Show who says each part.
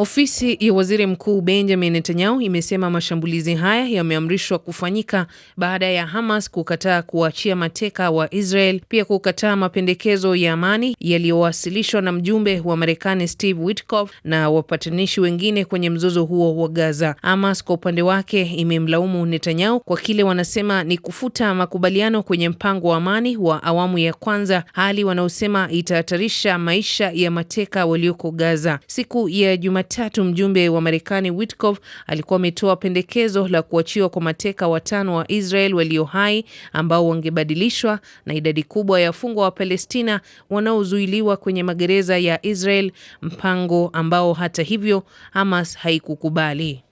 Speaker 1: Ofisi ya waziri mkuu Benjamin Netanyahu imesema mashambulizi haya yameamrishwa kufanyika baada ya Hamas kukataa kuachia mateka wa Israel, pia kukataa mapendekezo ya amani yaliyowasilishwa na mjumbe wa Marekani Steve Witkoff na wapatanishi wengine kwenye mzozo huo wa Gaza. Hamas kwa upande wake imemlaumu Netanyahu kwa kile wanasema ni kufuta makubaliano kwenye mpango wa amani wa awamu ya kwanza, hali wanaosema itahatarisha maisha ya mateka walioko Gaza. Siku ya Jumatatu Jumatatu, mjumbe wa Marekani Witkov alikuwa ametoa pendekezo la kuachiwa kwa mateka watano wa Israel walio hai ambao wangebadilishwa na idadi kubwa ya wafungwa wa Palestina wanaozuiliwa kwenye magereza ya Israel, mpango ambao hata hivyo Hamas haikukubali.